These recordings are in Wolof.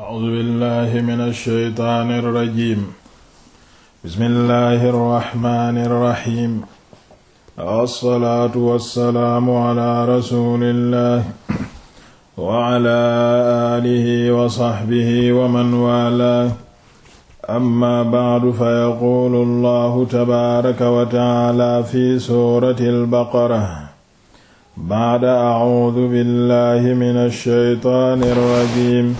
a'uuzu billahi min alsheytaani irrajim bismillahi arrahmani irrahim assalaatu wassalaamu ala rasuliillah wa ala aalihi wa saxbihi wa man waalaah amma ba'du fa yaquulu allahu tabaaraka wa tacaala fi suurati albaqara ba'da a'uuzu billahi min alsheytaani irrajim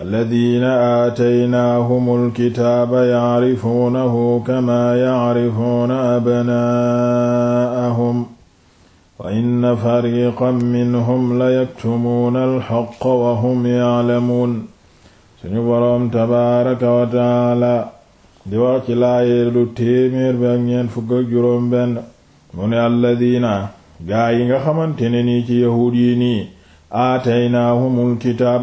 alladina aataynaahum alkitaaba yacrifuunahu kama yacrifuuna abnaa'ahum wa inna fariqan minhum la yaktumuuna alxaqa wa hum yaclamuun suñu boroom tabaaraka wa tacaala di wax ci laaye lu téeméer bi ak ñeent fukk ak juróom benn mu ne alladina gaa yi nga xamante ne nii ci yahuud yi nii aataynaahum alkitaab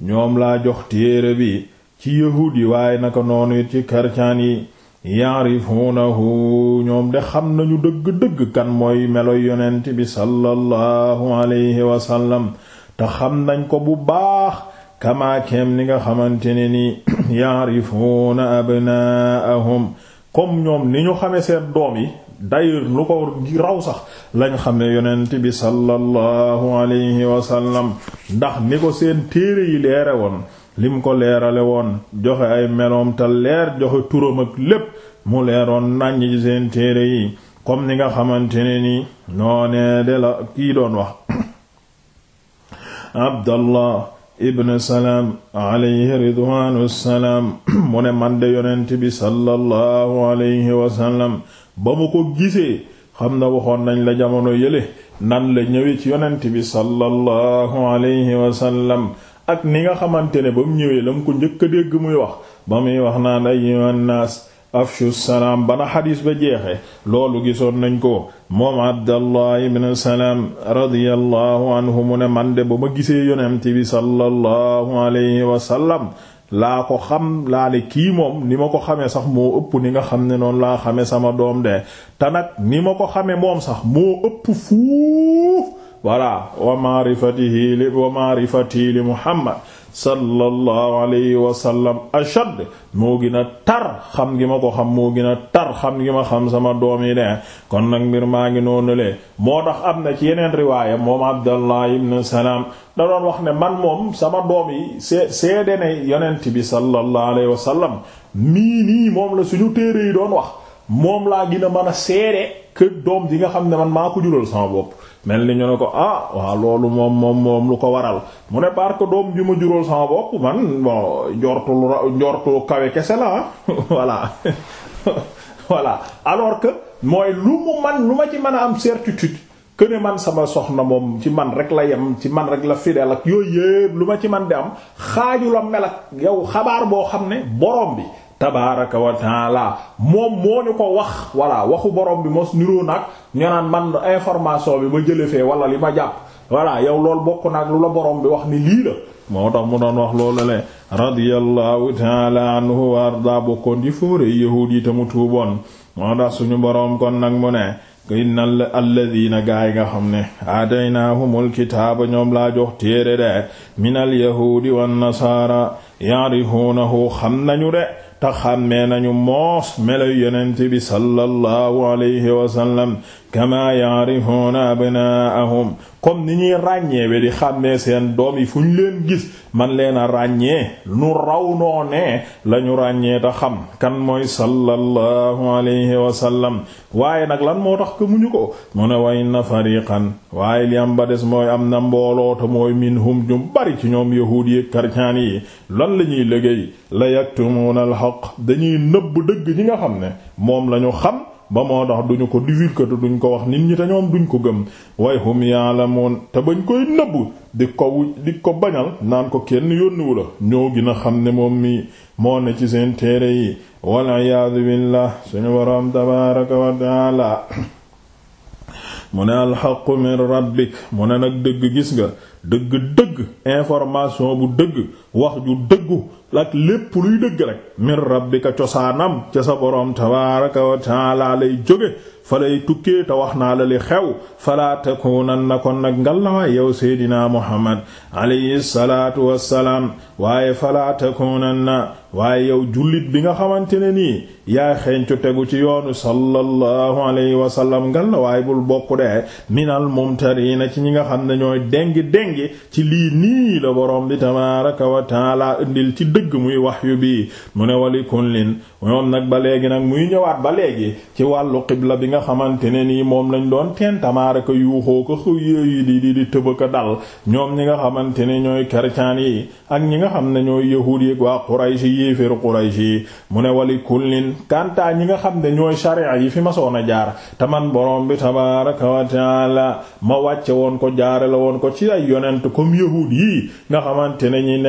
ñoom laa jox téere bi ci yahuud yi waaye naka noonu it ci karcaan yi yaarifuunahu ñoom de xam nañu dëgg-dëgg kan mooy melo yonent bi sallallahu alayhi wasallam te xam nañ ko bu baax kamaakeem ni nga xamante ne ni yaarifuuna abnaahum comme ñoom ni ñu xame seen doom yi d'ailleurs lu ko raw sax lañ xam ne yonent bi sallallahu alayhi wa sallam ndax ni ko seen téere yi leere woon lim ko leerale woon joxe ay meloom te leer joxe turam ak lépp mu leeroon nàññ ci seen téere yi comme ni nga xamante ne ni noonee de la kii doon wax abdallah ibn salaam alayhi ridwaanu salaam mu ne man de yonent bi sallallahu alayhi wa ba mu ko gisee xam na waxoon nañ la jamono yële nan la ñëwee ci yonent bi sallallahu alayhi wasallam ak ni nga xamante ne ba mu ñëwee la mu ko njëkk a dégg muy wax ba muy wax naa naan ayyuhan naas afshu salaam bana xadiis ba jeexee loolu gisoon nañ ko moom abdallah ibn salaam radiyallahu anhu mu ne man de ba ma gisee yonent bi sallallahu alayhi wasallam laa ko xam laa ne kii moom ni ma ko xamee sax moo ëpp ni nga xam ne noon laa xamee sama doom de te nag ni ma ko xamee moom sax moo ëpp fuuf voilà wa maarifatihi li wa maarifati li Muhammad sallallahu alayhi wa sallam ashad moo gën a tar xam gi ma ko xam moo gën a tar xam gi ma xam sama doom yi de kon nag mbir maa ngi noonu le moo tax am na ci yeneen riwaaya moom Abdallah ibn Salaam da doon wax ne man moom sama doom yi see seede ne yonent bi sallallahu alayhi wa sallam nii nii moom la suñu téere yi doon wax moom laa gën a seede kër doom ji nga xam ne man maa ko jural sama bopp mel ni ñu ne ko ah waaw loolu moom moom moom lu ko waral mu ne parce que doom ji ma jural sama bopp man bon njortu njortu kawe kese la ah. voilà voilà alors que mooy lu mu man lu ma ci mën a am certitude que ne man sama soxna moom ci man rek la yem ci man rek la fidèle ak yooyu yépp lu ma ci man di am xaaju la mel ak yow xabaar boo xam ne borom bi tabaaraka wa taala moom moo ñu ko wax voilà waxu borom bi mos niroo nag ñu naan man information bi ma jëlee fee wala li ma jàpp voilà yow lool bokk nag lu la borom bi wax ni lii la moo tax mu doon wax loolu le radiyallahu taala anhu wa arda bokkoon di fóore yahuud yi te mu tuuboon moo tax suñu borom kon nag mu ne inna alladina gaay nga xam ne aataynaahumul kitaaba ñoom laa jox téere de minal yahuudi wan nasaara ya'rifuunahu xam nañu de te xàmmee nañu moos melo yonent bi sallallahu alayhi wa sallam kama ya'rifuna abnaahum kon ni ñuy ràññeewe di xàmmee seen doom yi fu ñu leen gis man leen a ràññee nu raw noo ne la ñu ràññee ta xam kan mooy sallallahu alayhi wa sallam waaye nag lan moo tax ko muñu ko mu ne way na xan waaye li am ba des mooy am na mbooloo mooy minhum ñu bari ci ñoom yahuud yi karcaan yi lan la ñuy liggéey la yaktumuna al haqq dañuy nëbb dëgg ñi nga xam ne moom lañu xam ba moo tax duñu ko divulguer duñ ko wax nit ñi te ñoom duñ ko gëm way hum yaalamoon te bañ koy nëbb di ko di ko bañal naan ko kenn yónniwu la ñoo gën a xam ne moom mii moo ne ci seen téere yi wal iyaadu billah suñu boroom tabaaraka wa taala mu ne alxaqu min rabbik mu ne nag dëgg gis nga dëgg dëgg information bu dëgg wax ju dëggu ak lépp luy dëgg rek min rabbika cosaanam ca sa boroom tabaaraka wa taala lay jóge fa lay tukkee te wax naa la li xew falaa takunan na kon nag ngal la waay yow seydinaa muhammad alayhi salaatu wassalaam waaye falaa takunan na waaye yow jullit bi nga xamante ne nii yaa xencu tegu ci yoonu sallallahu alayhi wasallam ngal la waay bul bokk de minal mumtariina ci ñi nga xam ne ñooy déngi déngi ci lii nii la boroom bi tabaaraka wa taala indil ci dëgg muy wahyu bi mu ne wali kullin moom nag ba léegi nag muy ñëwaat ba léegi ci wàllu xibla bi nga xamante ne nii moom lañ doon tentamaare ko yuuxoo ko xëy di di di tëba ko dal ñoom ñi nga xamante ne ñooy kercaan yi ak ñi nga xam ne ñooy yahuud yi waa Quraysh yéeféru Quraysh yi mu ne wali kullin kantaa ñi nga xam ne ñooy sharia yi fi ma soon a jaar taman borom bi tabaaraka wa taala ma wàcce woon ko jaare la woon ko ci ay yonent comme yi nga xamante ne ñi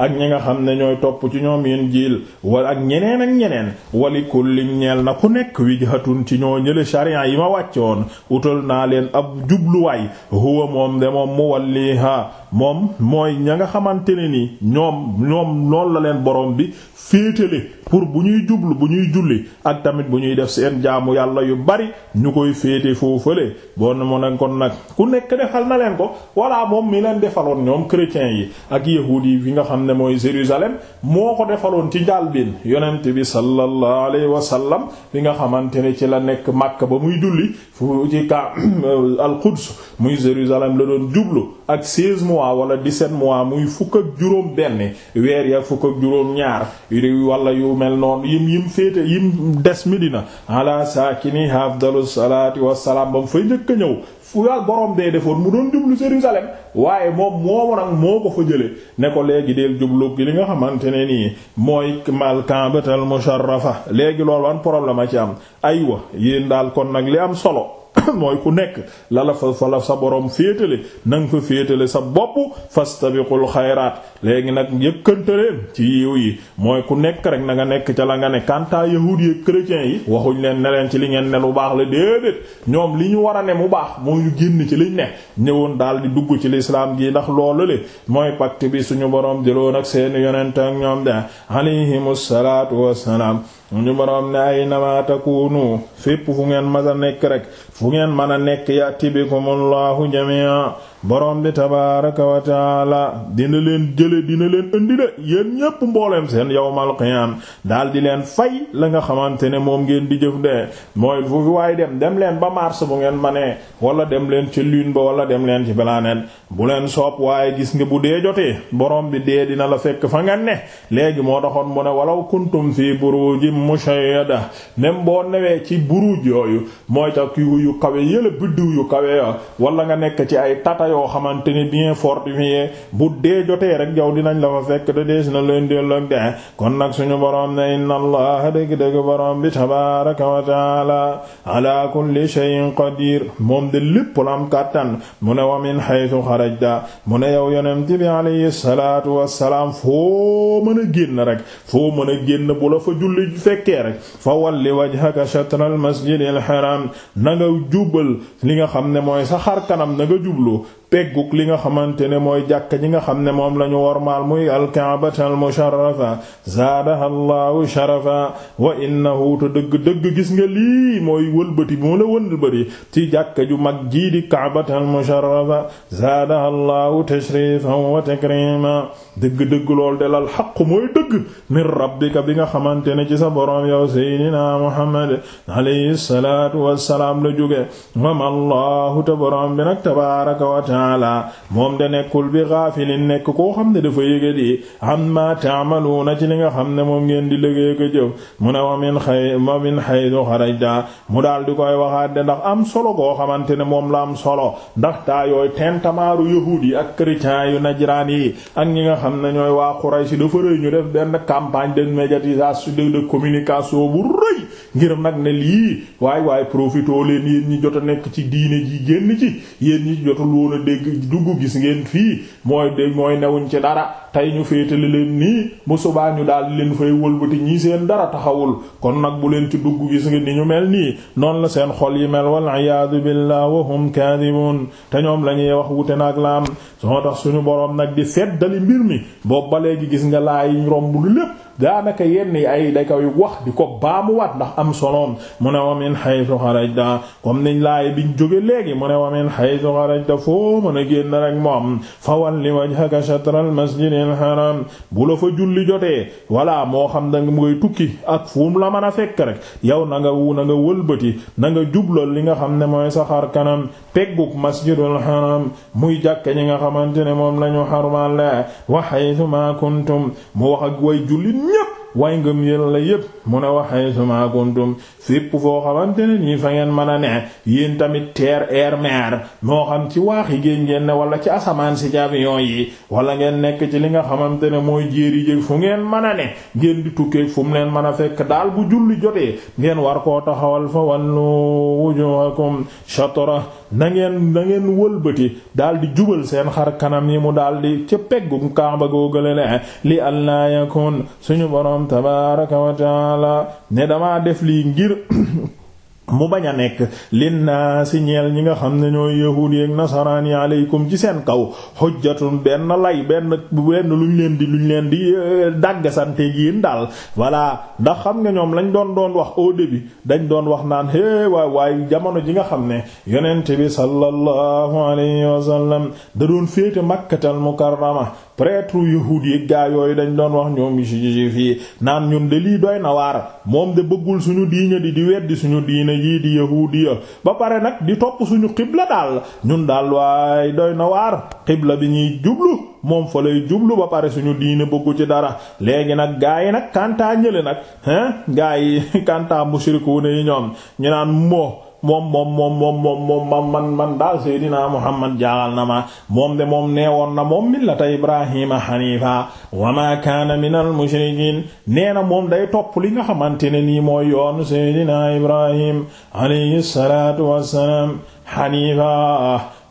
ak ñi nga xam ne ñooy topp ci ñoom yéen jiil wala ak ñeneen ak ñeneen wali kullim ñeel na ku nekk wijhatun ci ñoo ñële sharia yi ma wàccoon wutal naa leen ab jubluwaay huwa moom de moom mu walliha moom mooy ña nga xamante ne ni ñoom ñoom loolu la leen borom bi féetale pour bu ñuy jublu bu ñuy julli ak tamit bu ñuy def seen jaamu yàlla yu bari ñu koy féete foofale bon mu ne kon nag ku nekk defal na leen ko walaa moom mi leen defaloon ñoom chrétiens yi ak yahuud yi fi nga xam ne mooy Jérusalem moo ko defaloon ci njàlbéen yonent bi sallallahu alayhi wa sallam bi nga xamante ne ci la nekk Makka ba muy julli fu ci ka al muy Jérusalem la doon jublu mois wala 17 mois muy fukk juróom benn weer ya fukk ak juróom ñaar yu wala yu mel noonu yim yim féete yim des Medina ala saakini afdalu salaati wassalaam bam fay njëkk ñëw fu yàlla borom dee defoon mu doon jublu Jérusalem waaye moom moomu nag moo ko fa jëlee ne ko léegi deel jublu gi li nga xamante ne nii mooy mal kambatal musharrafa léegi loolu wan problème a ci am aywa yéen daal kon nag li am solo mooy ku nekk la la fa fa la sa borom féetale na nga fa féetale sa bopp fastabiqul xayraat léegi nag yëkkante leen ci yiw yi mooy ku nekk rek na nga nekk ca la nga ne kanta yahuud yi chrétiens yi waxuñ leen ne leen ci li ngeen ne lu baax la déedéet ñoom li ñu war a ne mu baax moo ñu génn ci liñ ne ñëwoon daal di dugg ci lislaam gi ndax loolu le mooy pacte bi suñu boroom jëloon ak seen yonent ak ñoom de alayhimu salaatu wassalaam ñu boroom ne ay nama takunu fépp fu ngeen mën a nekk rek fu ngeen mën a nekk ya'ti bikumullahu jami'a borom bi tabaaraka wa taala dina leen jële dina leen indi de yéen ñépp mbooleem seen yawmal qiyaam daal di leen fay la nga xamante ne moom ngeen di jëf de mooy fu waaye dem dem leen ba mars bu ngeen ma ne wala dem leen ci lune ba wala dem leen ci planète bu leen soob waaye gis nga bu dee jotee boroom bi dee dina la fekk fa nga ne léegi moo taxoon mu ne walaw kuntum fii burujim mushayyada nem boo newee ci buruj yooyu mooy tax yu kawe yu kawe wala yoo xamante ni bien fortifié bu dee jotee rek yow dinañ la fa fekk te dees na leen delloo ak dee kon nag suñu borom ne inna allah dëgg-dëgg borom bi tabaaraka wa taala kulli shay'in qadir moom de lépp la am kàttan mu ne wa min haythu xarajta mu ne yow yonent bi alayhi salaatu wassalaam foo mën a génn rek foo mën a génn bu la fa julli fekkee rek fa walli wajhaka shatral masjidil haram na nga jubal li nga xam ne mooy sa xar kanam na nga pegguk li nga xamante ne mooy jàkka ji nga xam ne moom la ñu wormaal muy alkaabata almusharrafa zaadaha allahu sharafa wa innahu te dëgg-dëgg gis nga lii mooy wëlbati bi mu la wëlbati ci jàkka ju mag jii di kaabata almusharrafa zaadaha allahu tashrifan wa takrima dëgg-dëgg lool de la xaqu mooy dëgg min rabbika bi nga xamante ne ci sa boroom yow seydina muhammad alayhi salaatu wassalaam la jóge wama allahu te bi nag tabaaraka wa ta'ala taala moom de nekkul bi gaafilin nekk koo xam ne dafa yéga di amma na ci li nga xam ne moom ngeen di liggéey ko jëf mu ne wa min xay wa min xaytu xarajta mu daal di koy waxaat de ndax am solo koo xamante ne moom la am solo ndax taa yooyu tentamaaru yahuud yi ak chrétiens yu najraan yi ak ñi nga xam ne ñooy waa Quraysh dafa rëy ñu def benn campagne de médiatisation de communication bu rëy ngir nag ne lii waay waay profitoo leen yéen ñi jot a nekk ci diine ji génn ci yéen ñi jotul woon a dégg dugg gis ngeen fii mooy de mooy newuñ ci dara tey ñu féetale leen nii bu subaa ñu daal leen fay wëlbati ñii seen dara taxawul kon nag bu leen ci dugg gis nga ni ñu mel nii noonu la seen xol yi mel wal iyaadu billah wa hum kaadibuun te ñoom la ñuy wax wute naag la am soo tax suñu boroom nag di feddali mbir mi boobu ba léegi gis nga laay romb lu lépp daanaka yenn yi ay da koy wax di ko baamuwaat ndax am soloon mu ne wa min haythu xarajta comme niñ laay biñ jóge léegi mu ne wa min haythu xarajta foo mën a génn rek moom fa walli wajhaka shatral masjidil haram bu la fa julli jotee walla moo xam da nga mooy tukki ak fuum la mën a fekk rek yow na nga wu na nga wëlbati na nga jublal li nga xam ne mooy sa xar kanam pegguk masjidul haram muy jàkk ñi nga xamante ne moom lañu xarmal wa haythu ma kuntum wax ak way julli ñépp way ngëm yéen la yépp mu a waxee suma kuntum fépp foo xamante nii fa ngeen mën a ne yéen tamit terre air mer moo xam ci waax yi géej ngeen ne wala ci asamaan si ci avion yi wala ngeen nekk ci li nga xamante ne mooy jéeri jéeg fu ngeen mën a ne ngeen di tukkee fu mu leen mën a fekk daal bu julli jotee ngeen war koo taxawal fa wallu wujuhakum shatra na ngeen na ngeen wëlbati daal di jubal seen xar kanam yi mu daal di ca peggu Kaaba googu la li Allah suñu borom boroom tabaaraka wa taala ne dama def lii ngir mu bañ a nekk lin naa ñeel ñi nga xam ne ñooy yahuud yeek nasaraan yi aleykum ci seen kaw xujjatun benn lay benn benn luñ leen di luñ leen di euh, dàggasante yéen daal voilà ndax xam nga ñoom lañ doon doon wax au début dañ doon wax naan hé waay waay jamono ji nga xam ne yonent bi sallallahu alayhi wa sallam da doon féete makkatal mukarrama prêtre yahuud yi gaa yooyu dañ doon wax ñoom juif yi naan ñun de lii doy na waar moom de bëggul suñu diine di di weddi suñu diine yii di yahuudi ya ba pare nag di topp suñu xibla daal ñun daal waay doy na waar xibla bi ñuy jublu moom fa jublu ba pare suñu diine bëggu ci dara léegi nag gaa yi nag kantaa ñële nag hein gaa yi kantaa mushrikuune yi ñoom ñu naan moo moom moom moom moom moom moom man man man daal seydinaa muhammad jaaxal na ma moom de moom nee woon na moom millata ibrahima hanifa wa ma kaana minal mushrikiin nee na moom day topp li nga xamante ne nii mooy yoonu seydinaa ibrahim alayhi salaatu wassalaam hanifa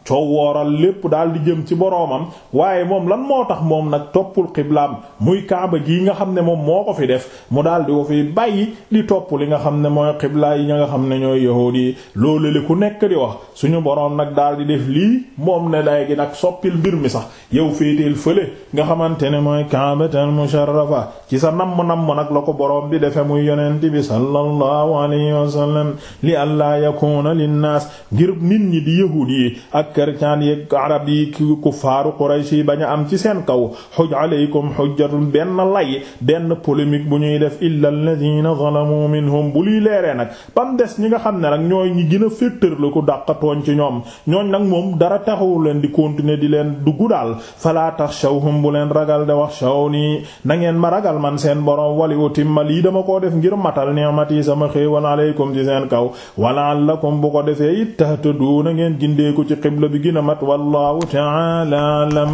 coow wooral lépp daal di jëm ci boroomam waaye moom lan moo tax moom nag toppul xiblaam muy kaaba gi nga xam ne moom moo ko fi def mu dal di ko fi bàyyi di topp li nga xam ne mooy xiblaa yi ña nga xam ne ñooy yahuud yi loolu li ku nekk di wax suñu boroom nag daal di def lii moom ne day gi nag soppil mbir mi sax yow féeteel fële nga xamante ne mooy kaabatal musharrafa ci sa namm namm nag la ko boroom bi defe muy yonent bi sallallahu alayhi wa li alla yakuna linnaas ngir nit ñi kercaan yeeg arab yi kuffaaru Quraysh yi bañ a am ci seen kaw xuj aleykum xujjatun benn lay benn polémique bu ñuy def illa alladhina zalamu minhum bu liy leeree nag bam des ñi nga xam ne nag ñooy ñi gën a féttër la ko dàqatooñ ci ñoom ñooñ nag moom dara taxawu leen di continuer di leen dugg daal fala taxshawhum bu leen ragal de wax shawni na ngeen ma ragal man seen borom wali utimma yi dama koo def ngir matal ni'mati sama xéewal aleykum ci seen kaw wala lakum bu ko defee it tahtaduna ngeen gindee ko ci la bi gën a mat wallahu ta'ala alam